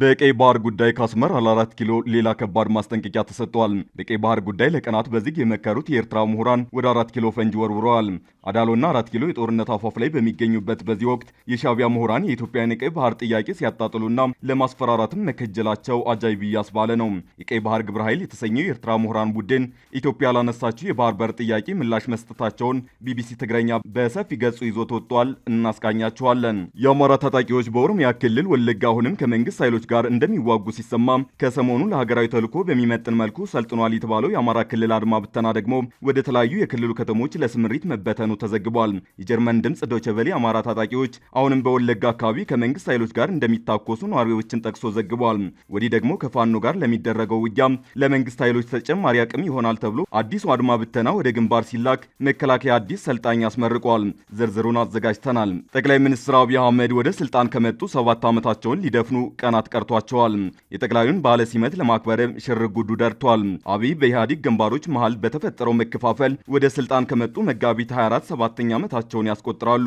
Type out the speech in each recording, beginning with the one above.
በቀይ ባህር ጉዳይ ከአስመራ ለአራት ኪሎ ሌላ ከባድ ማስጠንቀቂያ ተሰጥቷል። በቀይ ባህር ጉዳይ ለቀናት በዝግ የመከሩት የኤርትራ ምሁራን ወደ አራት ኪሎ ፈንጅ ወርውረዋል። አዳሎና አራት ኪሎ የጦርነት አፋፍ ላይ በሚገኙበት በዚህ ወቅት የሻቢያ ምሁራን የኢትዮጵያን የቀይ ባህር ጥያቄ ሲያጣጥሉና ለማስፈራራትም መከጀላቸው አጃይብ እያስባለ ነው። የቀይ ባህር ግብረ ኃይል የተሰኘው የኤርትራ ምሁራን ቡድን ኢትዮጵያ ላነሳችው የባህር በር ጥያቄ ምላሽ መስጠታቸውን ቢቢሲ ትግረኛ በሰፊ ገጹ ይዞ ወጥቷል። እናስቃኛቸዋለን። የአማራ ታጣቂዎች በኦሮሚያ ክልል ወለጋ አሁንም ከመንግስት ኃይሎች ጋር እንደሚዋጉ ሲሰማ ከሰሞኑ ለሀገራዊ ተልዕኮ በሚመጥን መልኩ ሰልጥኗል የተባለው የአማራ ክልል አድማ ብተና ደግሞ ወደ ተለያዩ የክልሉ ከተሞች ለስምሪት መበተኑ ተዘግቧል። የጀርመን ድምፅ ዶቸቨሌ አማራ ታጣቂዎች አሁንም በወለጋ አካባቢ ከመንግስት ኃይሎች ጋር እንደሚታኮሱ ነዋሪዎችን ጠቅሶ ዘግቧል። ወዲህ ደግሞ ከፋኖ ጋር ለሚደረገው ውጊያ ለመንግስት ኃይሎች ተጨማሪ አቅም ይሆናል ተብሎ አዲሱ አድማ ብተና ወደ ግንባር ሲላክ መከላከያ አዲስ ሰልጣኝ አስመርቋል። ዝርዝሩን አዘጋጅተናል። ጠቅላይ ሚኒስትር አብይ አህመድ ወደ ስልጣን ከመጡ ሰባት ዓመታቸውን ሊደፍኑ ቀናት ቀርቷቸዋል። የጠቅላዩን በዓለ ሲመት ለማክበር ሽር ጉዱ ደርቷል። አብይ በኢህአዴግ ግንባሮች መሃል በተፈጠረው መከፋፈል ወደ ስልጣን ከመጡ መጋቢት 24 ሰባተኛ ዓመታቸውን ያስቆጥራሉ።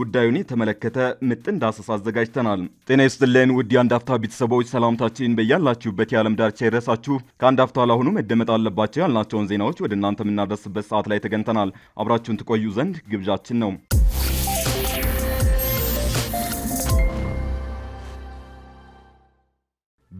ጉዳዩን የተመለከተ ምጥን ዳሰሳ አዘጋጅተናል። ጤና ይስጥልን ውድ የአንድ አፍታ ቤተሰቦች፣ ሰላምታችን በያላችሁበት የዓለም ዳርቻ ይድረሳችሁ። ከአንድ አፍታ ለአሁኑ መደመጥ አለባቸው ያልናቸውን ዜናዎች ወደ እናንተ የምናደርስበት ሰዓት ላይ ተገኝተናል። አብራችሁን ትቆዩ ዘንድ ግብዣችን ነው።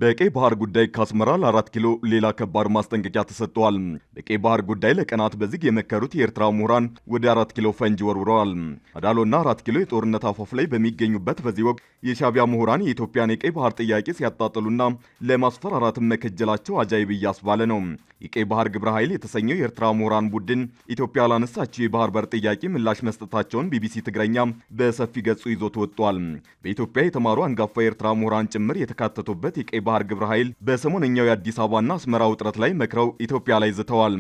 በቀይ ባህር ጉዳይ ከአስመራ ለአራት ኪሎ ሌላ ከባድ ማስጠንቀቂያ ተሰጥቷል። በቀይ ባህር ጉዳይ ለቀናት በዝግ የመከሩት የኤርትራ ምሁራን ወደ አራት ኪሎ ፈንጅ ወርውረዋል። አዳሎና አራት ኪሎ የጦርነት አፋፍ ላይ በሚገኙበት በዚህ ወቅት የሻቢያ ምሁራን የኢትዮጵያን የቀይ ባህር ጥያቄ ሲያጣጥሉና ለማስፈራራትም መከጀላቸው አጃይብ እያስባለ ነው። የቀይ ባህር ግብረ ኃይል የተሰኘው የኤርትራ ምሁራን ቡድን ኢትዮጵያ ላነሳቸው የባህር በር ጥያቄ ምላሽ መስጠታቸውን ቢቢሲ ትግረኛ በሰፊ ገጹ ይዞ ወጥቷል። በኢትዮጵያ የተማሩ አንጋፋ የኤርትራ ምሁራን ጭምር የተካተቱበት የቀይ ባህር ግብረ ኃይል በሰሞነኛው የአዲስ አበባና አስመራ ውጥረት ላይ መክረው ኢትዮጵያ ላይ ዝተዋል።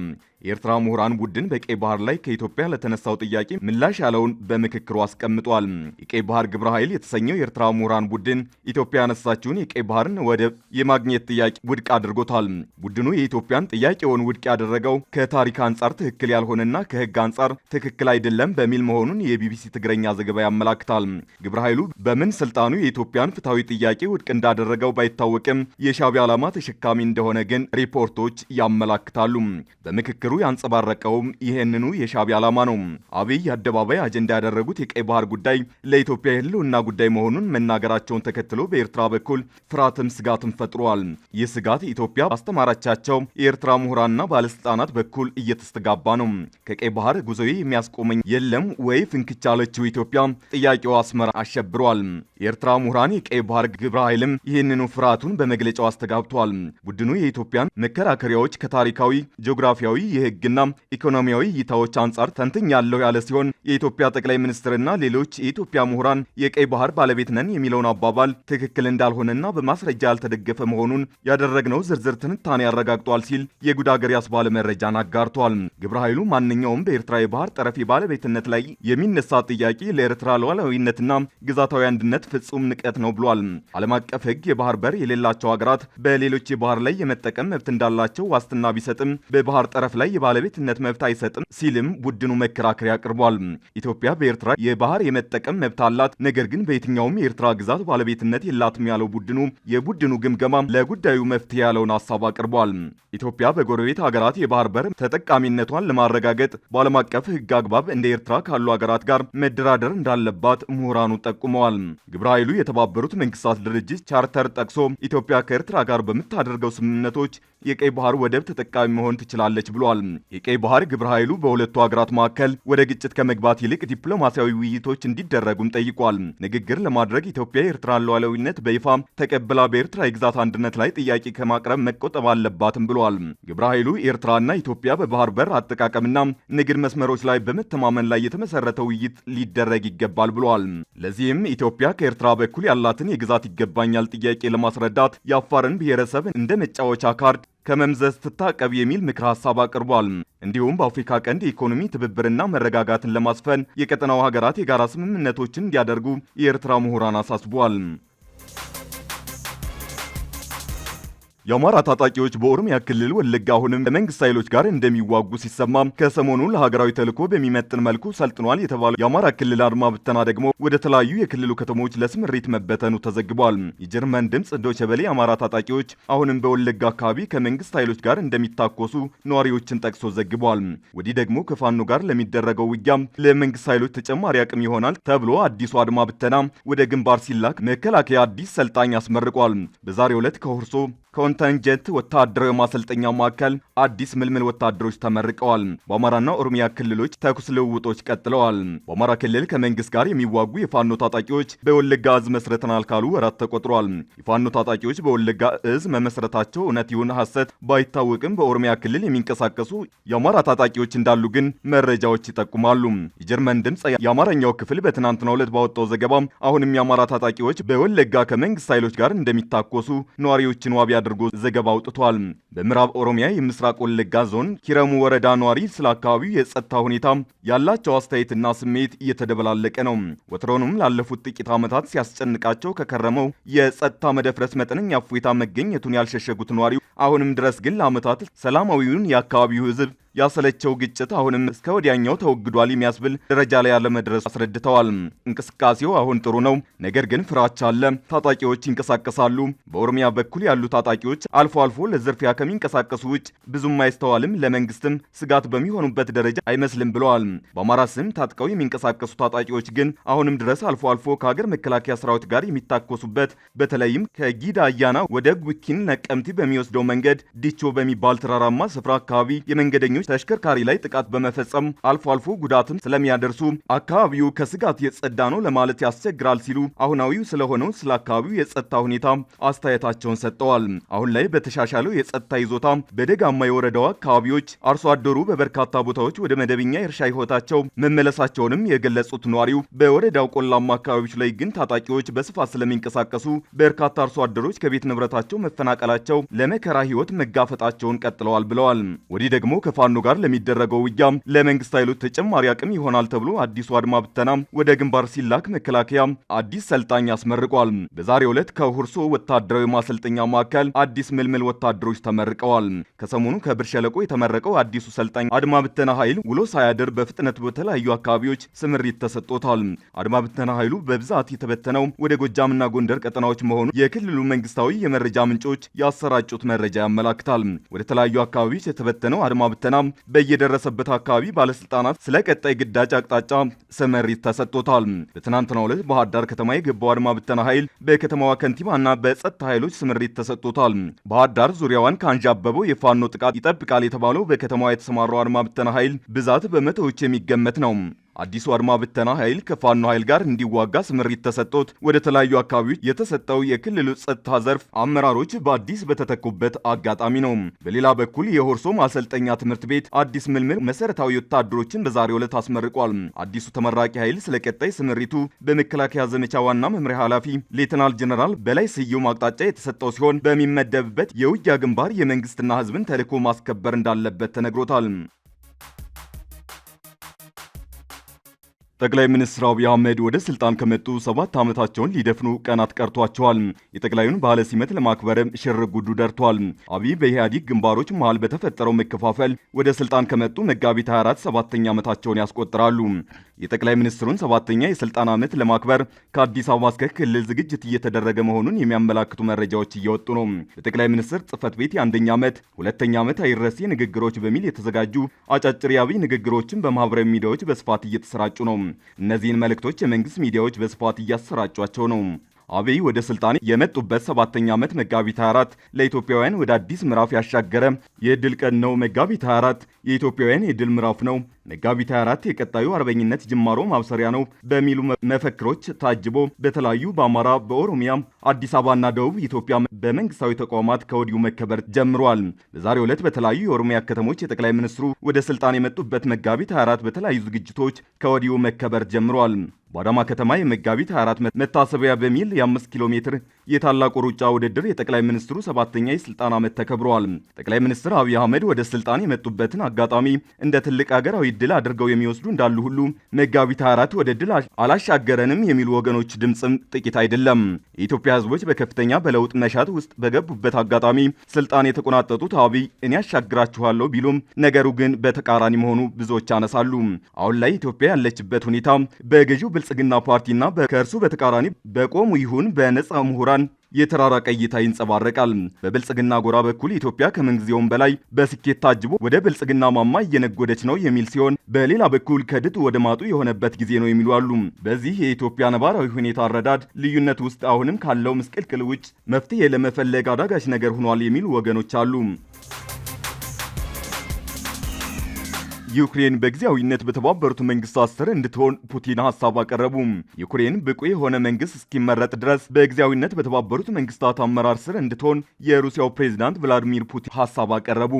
የኤርትራ ምሁራን ቡድን በቀይ ባህር ላይ ከኢትዮጵያ ለተነሳው ጥያቄ ምላሽ ያለውን በምክክሩ አስቀምጧል። የቀይ ባህር ግብረ ኃይል የተሰኘው የኤርትራ ምሁራን ቡድን ኢትዮጵያ ያነሳችውን የቀይ ባህርን ወደብ የማግኘት ጥያቄ ውድቅ አድርጎታል። ቡድኑ የኢትዮጵያን ጥያቄውን ውድቅ ያደረገው ከታሪክ አንጻር ትክክል ያልሆነና ከሕግ አንጻር ትክክል አይደለም በሚል መሆኑን የቢቢሲ ትግረኛ ዘገባ ያመላክታል። ግብረ ኃይሉ በምን ስልጣኑ የኢትዮጵያን ፍትሐዊ ጥያቄ ውድቅ እንዳደረገው ባይታወቅም ጥቅም የሻዕቢያ ዓላማ ተሸካሚ እንደሆነ ግን ሪፖርቶች ያመላክታሉ። በምክክሩ ያንጸባረቀውም ይህንኑ የሻቢያ ዓላማ ነው። አብይ አደባባይ አጀንዳ ያደረጉት የቀይ ባህር ጉዳይ ለኢትዮጵያ የህልውና ጉዳይ መሆኑን መናገራቸውን ተከትሎ በኤርትራ በኩል ፍርሃትም ስጋትም ፈጥሯል። ይህ ስጋት ኢትዮጵያ ባስተማራቻቸው የኤርትራ ምሁራንና ባለስልጣናት በኩል እየተስተጋባ ነው። ከቀይ ባህር ጉዞዬ የሚያስቆመኝ የለም ወይ ፍንክች ያለችው ኢትዮጵያ ጥያቄው አስመራ አሸብሯል። የኤርትራ ምሁራን የቀይ ባህር ግብረ ኃይልም ይህንኑ ፍርሃቱን በመግለጫው አስተጋብቷል። ቡድኑ የኢትዮጵያን መከራከሪያዎች ከታሪካዊ ጂኦግራፊያዊ፣ የህግና ኢኮኖሚያዊ እይታዎች አንጻር ተንትኛለሁ ያለ ሲሆን የኢትዮጵያ ጠቅላይ ሚኒስትርና ሌሎች የኢትዮጵያ ምሁራን የቀይ ባህር ባለቤት ነን የሚለውን አባባል ትክክል እንዳልሆነና በማስረጃ ያልተደገፈ መሆኑን ያደረግነው ዝርዝር ትንታኔ ያረጋግጧል ሲል የጉድ አገር ያስባለ መረጃን አጋርቷል። ግብረ ኃይሉ ማንኛውም በኤርትራ የባህር ጠረፍ ባለቤትነት ላይ የሚነሳ ጥያቄ ለኤርትራ ሉዓላዊነትና ግዛታዊ አንድነት ፍጹም ንቀት ነው ብሏል። ዓለም አቀፍ ህግ የባህር በር የሌላ ያላቸው ሀገራት በሌሎች የባህር ላይ የመጠቀም መብት እንዳላቸው ዋስትና ቢሰጥም በባህር ጠረፍ ላይ የባለቤትነት መብት አይሰጥም ሲልም ቡድኑ መከራከሪያ አቅርቧል። ኢትዮጵያ በኤርትራ የባህር የመጠቀም መብት አላት፣ ነገር ግን በየትኛውም የኤርትራ ግዛት ባለቤትነት የላትም ያለው ቡድኑ የቡድኑ ግምገማ ለጉዳዩ መፍትሄ ያለውን ሀሳብ አቅርቧል። ኢትዮጵያ በጎረቤት ሀገራት የባህር በር ተጠቃሚነቷን ለማረጋገጥ በዓለም አቀፍ ሕግ አግባብ እንደ ኤርትራ ካሉ ሀገራት ጋር መደራደር እንዳለባት ምሁራኑ ጠቁመዋል። ግብረ ኃይሉ የተባበሩት መንግስታት ድርጅት ቻርተር ጠቅሶ ኢትዮጵያ ከኤርትራ ጋር በምታደርገው ስምምነቶች የቀይ ባህር ወደብ ተጠቃሚ መሆን ትችላለች ብሏል። የቀይ ባህር ግብረ ኃይሉ በሁለቱ ሀገራት መካከል ወደ ግጭት ከመግባት ይልቅ ዲፕሎማሲያዊ ውይይቶች እንዲደረጉም ጠይቋል። ንግግር ለማድረግ ኢትዮጵያ የኤርትራን ሉዓላዊነት በይፋ ተቀብላ በኤርትራ የግዛት አንድነት ላይ ጥያቄ ከማቅረብ መቆጠብ አለባትም ብሏል። ግብረ ኃይሉ ኤርትራና ኢትዮጵያ በባህር በር አጠቃቀምና ንግድ መስመሮች ላይ በመተማመን ላይ የተመሰረተ ውይይት ሊደረግ ይገባል ብሏል። ለዚህም ኢትዮጵያ ከኤርትራ በኩል ያላትን የግዛት ይገባኛል ጥያቄ ለማስረዳት በማንሳት የአፋርን ብሔረሰብ እንደ መጫወቻ ካርድ ከመምዘዝ ትታቀብ የሚል ምክር ሀሳብ አቅርቧል። እንዲሁም በአፍሪካ ቀንድ የኢኮኖሚ ትብብርና መረጋጋትን ለማስፈን የቀጠናው ሀገራት የጋራ ስምምነቶችን እንዲያደርጉ የኤርትራ ምሁራን አሳስቧል። የአማራ ታጣቂዎች በኦሮሚያ ክልል ወለጋ አሁንም ከመንግስት ኃይሎች ጋር እንደሚዋጉ ሲሰማ ከሰሞኑ ለሀገራዊ ተልዕኮ በሚመጥን መልኩ ሰልጥኗል የተባለው የአማራ ክልል አድማ ብተና ደግሞ ወደ ተለያዩ የክልሉ ከተሞች ለስምሪት መበተኑ ተዘግቧል። የጀርመን ድምፅ ዶቼ ቬለ የአማራ ታጣቂዎች አሁንም በወለጋ አካባቢ ከመንግስት ኃይሎች ጋር እንደሚታኮሱ ነዋሪዎችን ጠቅሶ ዘግቧል። ወዲህ ደግሞ ከፋኖ ጋር ለሚደረገው ውጊያ ለመንግስት ኃይሎች ተጨማሪ አቅም ይሆናል ተብሎ አዲሱ አድማ ብተና ወደ ግንባር ሲላክ መከላከያ አዲስ ሰልጣኝ አስመርቋል። በዛሬው ዕለት ከሁርሶ ኮንተንጀንት ወታደራዊ ማሰልጠኛ ማዕከል አዲስ ምልምል ወታደሮች ተመርቀዋል። በአማራና ኦሮሚያ ክልሎች ተኩስ ልውውጦች ቀጥለዋል። በአማራ ክልል ከመንግስት ጋር የሚዋጉ የፋኖ ታጣቂዎች በወለጋ እዝ መስረተናል ካሉ ወራት ተቆጥሯል። የፋኖ ታጣቂዎች በወለጋ እዝ መመስረታቸው እውነት ይሁን ሐሰት ባይታወቅም በኦሮሚያ ክልል የሚንቀሳቀሱ የአማራ ታጣቂዎች እንዳሉ ግን መረጃዎች ይጠቁማሉ። የጀርመን ድምፅ የአማርኛው ክፍል በትናንትናው ዕለት ባወጣው ዘገባ አሁንም የአማራ ታጣቂዎች በወለጋ ከመንግስት ኃይሎች ጋር እንደሚታኮሱ ነዋሪዎችን ዋቢ አድርጎ አድርጎ ዘገባ አውጥቷል። በምዕራብ ኦሮሚያ የምስራቅ ወለጋ ዞን ኪረሙ ወረዳ ነዋሪ ስለ አካባቢው የጸጥታ ሁኔታ ያላቸው አስተያየትና ስሜት እየተደበላለቀ ነው። ወትሮንም ላለፉት ጥቂት ዓመታት ሲያስጨንቃቸው ከከረመው የጸጥታ መደፍረስ መጠነኛ እፎይታ መገኘቱን ያልሸሸጉት ነዋሪው አሁንም ድረስ ግን ለዓመታት ሰላማዊውን የአካባቢው ህዝብ ያሰለቸው ግጭት አሁንም እስከ ወዲያኛው ተወግዷል የሚያስብል ደረጃ ላይ መድረስ አስረድተዋል። እንቅስቃሴው አሁን ጥሩ ነው፣ ነገር ግን ፍራቻ አለ። ታጣቂዎች ይንቀሳቀሳሉ። በኦሮሚያ በኩል ያሉ ታጣቂዎች አልፎ አልፎ ለዝርፊያ ከሚንቀሳቀሱ ውጭ ብዙም አይስተዋልም፣ ለመንግስትም ስጋት በሚሆኑበት ደረጃ አይመስልም ብለዋል። በአማራ ስም ታጥቀው የሚንቀሳቀሱ ታጣቂዎች ግን አሁንም ድረስ አልፎ አልፎ ከሀገር መከላከያ ሰራዊት ጋር የሚታኮሱበት በተለይም ከጊዳ አያና ወደ ጉኪን ነቀምቲ በሚወስደው መንገድ ዲቾ በሚባል ተራራማ ስፍራ አካባቢ የመንገደኞች ሰራተኞች ተሽከርካሪ ላይ ጥቃት በመፈጸም አልፎ አልፎ ጉዳትም ስለሚያደርሱ አካባቢው ከስጋት የጸዳ ነው ለማለት ያስቸግራል ሲሉ አሁናዊው ስለሆነው ስለ አካባቢው የጸጥታ ሁኔታ አስተያየታቸውን ሰጥተዋል። አሁን ላይ በተሻሻለው የጸጥታ ይዞታ በደጋማ የወረዳው አካባቢዎች አርሶ አደሩ በበርካታ ቦታዎች ወደ መደበኛ የእርሻ ህይወታቸው መመለሳቸውንም የገለጹት ነዋሪው በወረዳው ቆላማ አካባቢዎች ላይ ግን ታጣቂዎች በስፋት ስለሚንቀሳቀሱ በርካታ አርሶ አደሮች ከቤት ንብረታቸው መፈናቀላቸው ለመከራ ህይወት መጋፈጣቸውን ቀጥለዋል ብለዋል። ወዲህ ደግሞ ከፋኖ ከፋኖ ጋር ለሚደረገው ውጊያ ለመንግስት ኃይሎች ተጨማሪ አቅም ይሆናል ተብሎ አዲሱ አድማ ብተና ወደ ግንባር ሲላክ መከላከያ አዲስ ሰልጣኝ አስመርቋል። በዛሬው ዕለት ከሁርሶ ወታደራዊ ማሰልጠኛ ማዕከል አዲስ ምልምል ወታደሮች ተመርቀዋል። ከሰሞኑ ከብር ሸለቆ የተመረቀው አዲሱ ሰልጣኝ አድማ ብተና ኃይል ውሎ ሳያድር በፍጥነት በተለያዩ አካባቢዎች ስምሪት ተሰጥቶታል። አድማ ብተና ኃይሉ በብዛት የተበተነው ወደ ጎጃምና ጎንደር ቀጠናዎች መሆኑ የክልሉ መንግስታዊ የመረጃ ምንጮች ያሰራጩት መረጃ ያመላክታል። ወደ ተለያዩ አካባቢዎች የተበተነው አድማ ብተና በየደረሰበት አካባቢ ባለስልጣናት ስለ ቀጣይ ግዳጅ አቅጣጫ ስምሪት ተሰጥቶታል። በትናንትናው ዕለት ባህር ዳር ከተማ የገባው አድማ ብተና ኃይል በከተማዋ ከንቲባና በጸጥታ ኃይሎች ስምሪት ተሰጥቶታል። ባህር ዳር ዙሪያዋን ከአንዣበበው የፋኖ ጥቃት ይጠብቃል የተባለው በከተማዋ የተሰማራው አድማ ብተና ኃይል ብዛት በመቶዎች የሚገመት ነው። አዲሱ አድማ ብተና ኃይል ከፋኖ ኃይል ጋር እንዲዋጋ ስምሪት ተሰጥቶት ወደ ተለያዩ አካባቢዎች የተሰጠው የክልሉ ጸጥታ ዘርፍ አመራሮች በአዲስ በተተኩበት አጋጣሚ ነው። በሌላ በኩል የሆርሶ ማሰልጠኛ ትምህርት ቤት አዲስ ምልምል መሰረታዊ ወታደሮችን በዛሬው ዕለት አስመርቋል። አዲሱ ተመራቂ ኃይል ስለ ቀጣይ ስምሪቱ በመከላከያ ዘመቻ ዋና መምሪያ ኃላፊ ሌተናል ጀነራል በላይ ስዩም አቅጣጫ የተሰጠው ሲሆን በሚመደብበት የውጊያ ግንባር የመንግስትና ህዝብን ተልዕኮ ማስከበር እንዳለበት ተነግሮታል። ጠቅላይ ሚኒስትር አብይ አህመድ ወደ ስልጣን ከመጡ ሰባት ዓመታቸውን ሊደፍኑ ቀናት ቀርቷቸዋል። የጠቅላዩን ባለ ሲመት ለማክበርም ሽር ጉዱ ደርቷል። አብይ በኢህአዲግ ግንባሮች መሃል በተፈጠረው መከፋፈል ወደ ስልጣን ከመጡ መጋቢት 24 ሰባተኛ ዓመታቸውን ያስቆጥራሉ። የጠቅላይ ሚኒስትሩን ሰባተኛ የስልጣን ዓመት ለማክበር ከአዲስ አበባ እስከ ክልል ዝግጅት እየተደረገ መሆኑን የሚያመላክቱ መረጃዎች እየወጡ ነው። በጠቅላይ ሚኒስትር ጽህፈት ቤት የአንደኛ ዓመት ሁለተኛ ዓመት አይረሴ ንግግሮች በሚል የተዘጋጁ አጫጭር የአብይ ንግግሮችን በማህበራዊ ሚዲያዎች በስፋት እየተሰራጩ ነው። እነዚህን መልእክቶች የመንግስት ሚዲያዎች በስፋት እያሰራጯቸው ነው። አብይ ወደ ስልጣን የመጡበት ሰባተኛ ዓመት መጋቢት 24 ለኢትዮጵያውያን ወደ አዲስ ምዕራፍ ያሻገረ የድል ቀን ነው። መጋቢት 24 የኢትዮጵያውያን የድል ምዕራፍ ነው። መጋቢት 24 የቀጣዩ አርበኝነት ጅማሮ ማብሰሪያ ነው በሚሉ መፈክሮች ታጅቦ በተለያዩ በአማራ፣ በኦሮሚያ፣ አዲስ አበባና ደቡብ ኢትዮጵያ በመንግስታዊ ተቋማት ከወዲሁ መከበር ጀምሯል። በዛሬው ዕለት በተለያዩ የኦሮሚያ ከተሞች የጠቅላይ ሚኒስትሩ ወደ ስልጣን የመጡበት መጋቢት 24 በተለያዩ ዝግጅቶች ከወዲሁ መከበር ጀምሯል። በአዳማ ከተማ የመጋቢት 24 መታሰቢያ በሚል የ5 ኪሎ ሜትር የታላቁ ሩጫ ውድድር የጠቅላይ ሚኒስትሩ ሰባተኛ የስልጣን ዓመት ተከብረዋል። ጠቅላይ ሚኒስትር አብይ አህመድ ወደ ስልጣን የመጡበትን አጋጣሚ እንደ ትልቅ አገራዊ ድል አድርገው የሚወስዱ እንዳሉ ሁሉ መጋቢት 24 ወደ ድል አላሻገረንም የሚሉ ወገኖች ድምፅም ጥቂት አይደለም። የኢትዮጵያ ህዝቦች በከፍተኛ በለውጥ መሻት ውስጥ በገቡበት አጋጣሚ ስልጣን የተቆናጠጡት አብይ እኔ ያሻግራችኋለሁ ቢሉም ነገሩ ግን በተቃራኒ መሆኑ ብዙዎች ያነሳሉ። አሁን ላይ ኢትዮጵያ ያለችበት ሁኔታ በገዢው ብልጽግና ፓርቲና ከእርሱ በተቃራኒ በቆሙ ይሁን በነጻ ምሁራን የተራራቀ እይታ ይንጸባረቃል። በብልጽግና ጎራ በኩል ኢትዮጵያ ከምንጊዜውም በላይ በስኬት ታጅቦ ወደ ብልጽግና ማማ እየነጎደች ነው የሚል ሲሆን፣ በሌላ በኩል ከድጡ ወደ ማጡ የሆነበት ጊዜ ነው የሚሉ አሉ። በዚህ የኢትዮጵያ ነባራዊ ሁኔታ አረዳድ ልዩነት ውስጥ አሁንም ካለው ምስቅልቅል ውጭ መፍትሄ ለመፈለግ አዳጋች ነገር ሆኗል የሚሉ ወገኖች አሉ። ዩክሬን በጊዜያዊነት በተባበሩት መንግስታት ስር እንድትሆን ፑቲን ሀሳብ አቀረቡ። ዩክሬን ብቁ የሆነ መንግስት እስኪመረጥ ድረስ በጊዜያዊነት በተባበሩት መንግስታት አመራር ስር እንድትሆን የሩሲያው ፕሬዚዳንት ቭላዲሚር ፑቲን ሀሳብ አቀረቡ።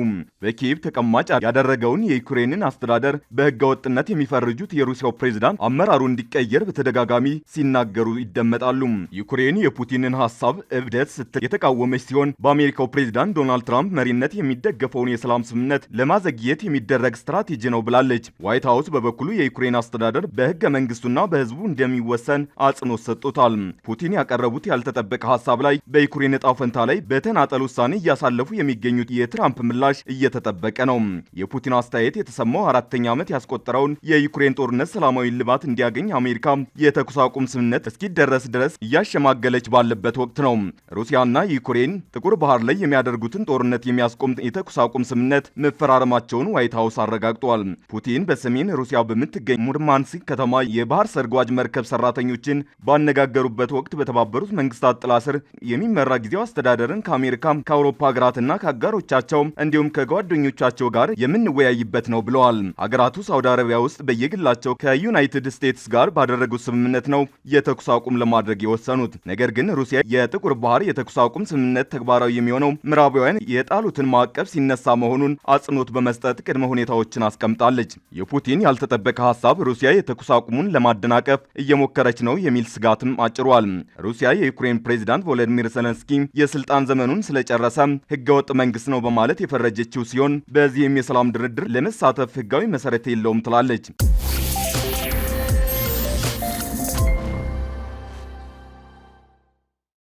በኪየቭ ተቀማጭ ያደረገውን የዩክሬንን አስተዳደር በህገወጥነት የሚፈርጁት የሩሲያው ፕሬዚዳንት አመራሩ እንዲቀየር በተደጋጋሚ ሲናገሩ ይደመጣሉ። ዩክሬን የፑቲንን ሀሳብ እብደት ስትል የተቃወመች ሲሆን በአሜሪካው ፕሬዚዳንት ዶናልድ ትራምፕ መሪነት የሚደገፈውን የሰላም ስምምነት ለማዘግየት የሚደረግ ስትራቴጂ እጅ ነው ብላለች። ዋይት ሀውስ በበኩሉ የዩክሬን አስተዳደር በህገ መንግስቱና በህዝቡ እንደሚወሰን አጽንኦት ሰጥቶታል። ፑቲን ያቀረቡት ያልተጠበቀ ሀሳብ ላይ በዩክሬን እጣ ፈንታ ላይ በተናጠል ውሳኔ እያሳለፉ የሚገኙት የትራምፕ ምላሽ እየተጠበቀ ነው። የፑቲን አስተያየት የተሰማው አራተኛ ዓመት ያስቆጠረውን የዩክሬን ጦርነት ሰላማዊ ልባት እንዲያገኝ አሜሪካ የተኩስ አቁም ስምምነት እስኪደረስ ድረስ እያሸማገለች ባለበት ወቅት ነው። ሩሲያና ዩክሬን ጥቁር ባህር ላይ የሚያደርጉትን ጦርነት የሚያስቆም የተኩስ አቁም ስምምነት መፈራረማቸውን ዋይት ሀውስ አረጋግጧል። ገልጿል። ፑቲን በሰሜን ሩሲያ በምትገኝ ሙርማንስክ ከተማ የባህር ሰርጓጅ መርከብ ሰራተኞችን ባነጋገሩበት ወቅት በተባበሩት መንግስታት ጥላ ስር የሚመራ ጊዜያዊ አስተዳደርን ከአሜሪካ ከአውሮፓ ሀገራትና ከአጋሮቻቸው እንዲሁም ከጓደኞቻቸው ጋር የምንወያይበት ነው ብለዋል። ሀገራቱ ሳውዲ አረቢያ ውስጥ በየግላቸው ከዩናይትድ ስቴትስ ጋር ባደረጉት ስምምነት ነው የተኩስ አቁም ለማድረግ የወሰኑት። ነገር ግን ሩሲያ የጥቁር ባህር የተኩስ አቁም ስምምነት ተግባራዊ የሚሆነው ምዕራባውያን የጣሉትን ማዕቀብ ሲነሳ መሆኑን አጽንኦት በመስጠት ቅድመ ሁኔታዎችን አስቀ አስቀምጣለች። የፑቲን ያልተጠበቀ ሀሳብ ሩሲያ የተኩስ አቁሙን ለማደናቀፍ እየሞከረች ነው የሚል ስጋትም አጭሯል። ሩሲያ የዩክሬን ፕሬዚዳንት ቮሎዲሚር ዘለንስኪ የስልጣን ዘመኑን ስለጨረሰ ህገወጥ መንግስት ነው በማለት የፈረጀችው ሲሆን በዚህም የሰላም ድርድር ለመሳተፍ ህጋዊ መሰረት የለውም ትላለች።